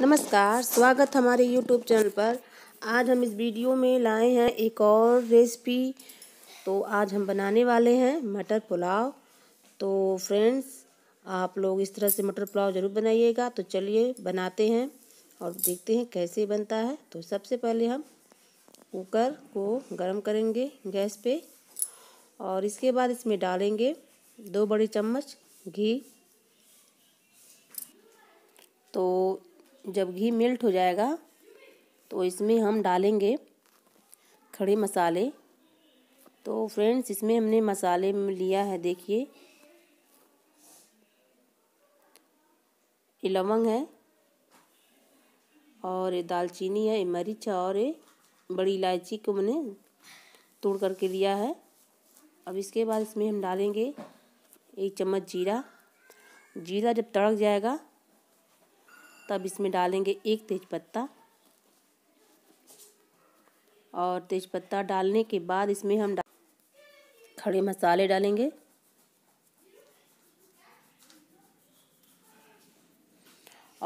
नमस्कार स्वागत हमारे यूट्यूब चैनल पर आज हम इस वीडियो में लाए हैं एक और रेसिपी तो आज हम बनाने वाले हैं मटर पुलाव तो फ्रेंड्स आप लोग इस तरह से मटर पुलाव ज़रूर बनाइएगा तो चलिए बनाते हैं और देखते हैं कैसे बनता है तो सबसे पहले हम कुकर को गर्म करेंगे गैस पे और इसके बाद इसमें डालेंगे दो बड़े चम्मच घी तो जब घी मेल्ट हो जाएगा तो इसमें हम डालेंगे खड़े मसाले तो फ्रेंड्स इसमें हमने मसाले लिया है देखिए ये लवंग है और ये दालचीनी है ये मरीच और ये बड़ी इलायची को मैंने तोड़ करके लिया है अब इसके बाद इसमें हम डालेंगे एक चम्मच जीरा जीरा जब तड़क जाएगा तब इसमें डालेंगे एक तेज़पत्ता और तेज़पत्ता डालने के बाद इसमें हम खड़े मसाले डालेंगे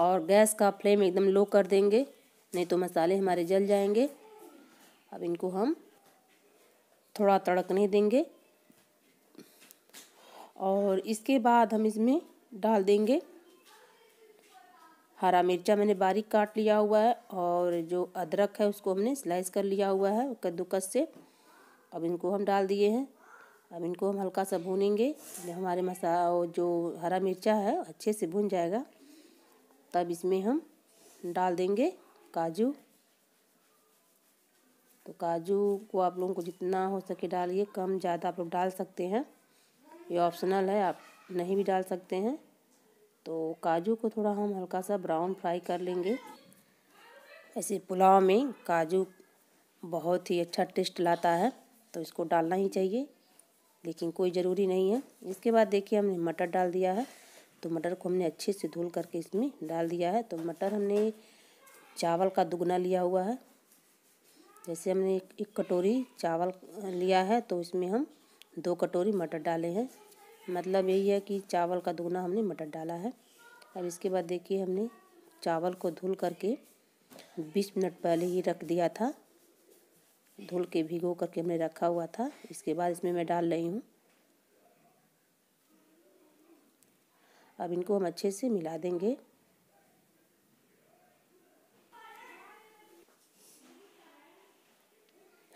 और गैस का फ्लेम एकदम लो कर देंगे नहीं तो मसाले हमारे जल जाएंगे अब इनको हम थोड़ा तड़कने देंगे और इसके बाद हम इसमें डाल देंगे हरा मिर्चा मैंने बारीक काट लिया हुआ है और जो अदरक है उसको हमने स्लाइस कर लिया हुआ है कद्दूकस से अब इनको हम डाल दिए हैं अब इनको हम हल्का सा भूनेंगे हमारे मसा जो हरा मिर्चा है अच्छे से भून जाएगा तब इसमें हम डाल देंगे काजू तो काजू को आप लोगों को जितना हो सके डालिए कम ज़्यादा आप लोग डाल सकते हैं ये ऑप्शनल है आप नहीं भी डाल सकते हैं तो काजू को थोड़ा हम हल्का सा ब्राउन फ्राई कर लेंगे ऐसे पुलाव में काजू बहुत ही अच्छा टेस्ट लाता है तो इसको डालना ही चाहिए लेकिन कोई ज़रूरी नहीं है इसके बाद देखिए हमने मटर डाल दिया है तो मटर को हमने अच्छे से धुल करके इसमें डाल दिया है तो मटर हमने चावल का दुगना लिया हुआ है जैसे हमने एक, एक कटोरी चावल लिया है तो इसमें हम दो कटोरी मटर डाले हैं मतलब यही है कि चावल का दोना हमने मटर डाला है अब इसके बाद देखिए हमने चावल को धुल करके बीस मिनट पहले ही रख दिया था धुल के भिगो करके हमने रखा हुआ था इसके बाद इसमें मैं डाल रही हूँ अब इनको हम अच्छे से मिला देंगे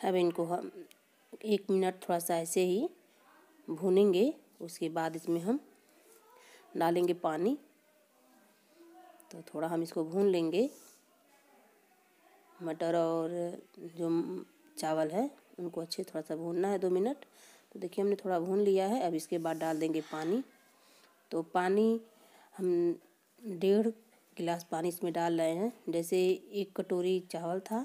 अब इनको हम एक मिनट थोड़ा सा ऐसे ही भूनेंगे उसके बाद इसमें हम डालेंगे पानी तो थोड़ा हम इसको भून लेंगे मटर और जो चावल है उनको अच्छे थोड़ा सा भूनना है दो मिनट तो देखिए हमने थोड़ा भून लिया है अब इसके बाद डाल देंगे पानी तो पानी हम डेढ़ गिलास पानी इसमें डाल रहे हैं जैसे एक कटोरी चावल था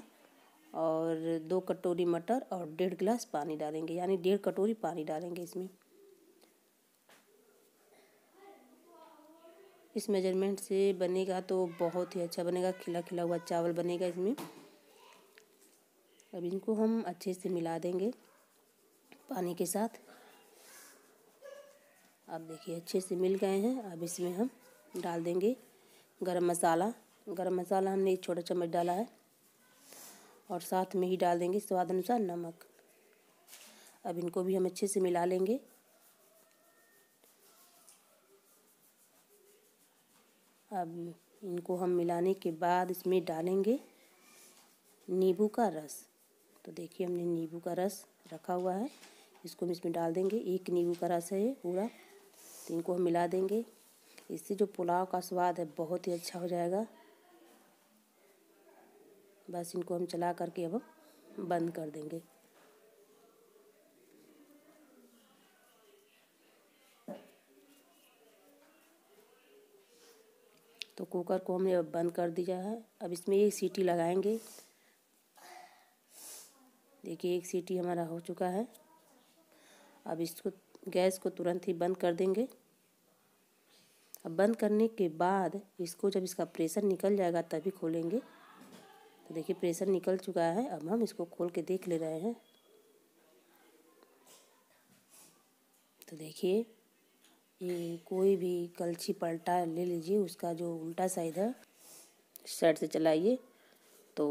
और दो कटोरी मटर और डेढ़ गिलास पानी डालेंगे यानी डेढ़ कटोरी पानी डालेंगे इसमें इस मेजरमेंट से बनेगा तो बहुत ही अच्छा बनेगा खिला खिला हुआ चावल बनेगा इसमें अब इनको हम अच्छे से मिला देंगे पानी के साथ अब देखिए अच्छे से मिल गए हैं अब इसमें हम डाल देंगे गरम मसाला गरम मसाला हमने एक छोटा चम्मच डाला है और साथ में ही डाल देंगे स्वाद अनुसार नमक अब इनको भी हम अच्छे से मिला लेंगे अब इनको हम मिलाने के बाद इसमें डालेंगे नींबू का रस तो देखिए हमने नींबू का रस रखा हुआ है इसको हम इसमें डाल देंगे एक नींबू का रस है पूरा तो इनको हम मिला देंगे इससे जो पुलाव का स्वाद है बहुत ही अच्छा हो जाएगा बस इनको हम चला करके अब बंद कर देंगे तो कुकर को हमने अब बंद कर दिया है अब इसमें एक सीटी लगाएंगे देखिए एक सीटी हमारा हो चुका है अब इसको गैस को तुरंत ही बंद कर देंगे अब बंद करने के बाद इसको जब इसका प्रेशर निकल जाएगा तभी खोलेंगे तो देखिए प्रेशर निकल चुका है अब हम इसको खोल के देख ले रहे हैं तो देखिए ये कोई भी कलछी पलटा ले लीजिए उसका जो उल्टा साइड है साइड से चलाइए तो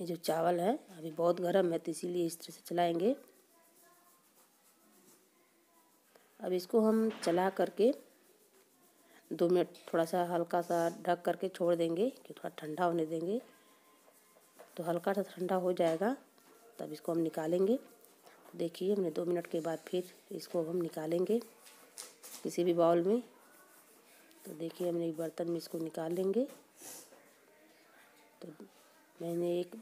ये जो चावल है अभी बहुत गर्म है तो इसीलिए इस तरह से चलाएंगे अब इसको हम चला करके दो मिनट थोड़ा सा हल्का सा ढक करके छोड़ देंगे कि थोड़ा ठंडा होने देंगे तो हल्का सा ठंडा हो जाएगा तब इसको हम निकालेंगे देखिए हमने दो मिनट के बाद फिर इसको हम निकालेंगे किसी भी बाउल में तो देखिए हमने एक बर्तन में इसको निकाल लेंगे तो मैंने एक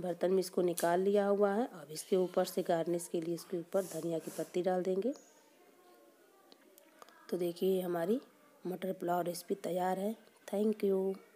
बर्तन में इसको निकाल लिया हुआ है अब इसके ऊपर से गार्निश के लिए इसके ऊपर धनिया की पत्ती डाल देंगे तो देखिए हमारी मटर पुलाव रेसिपी तैयार है थैंक यू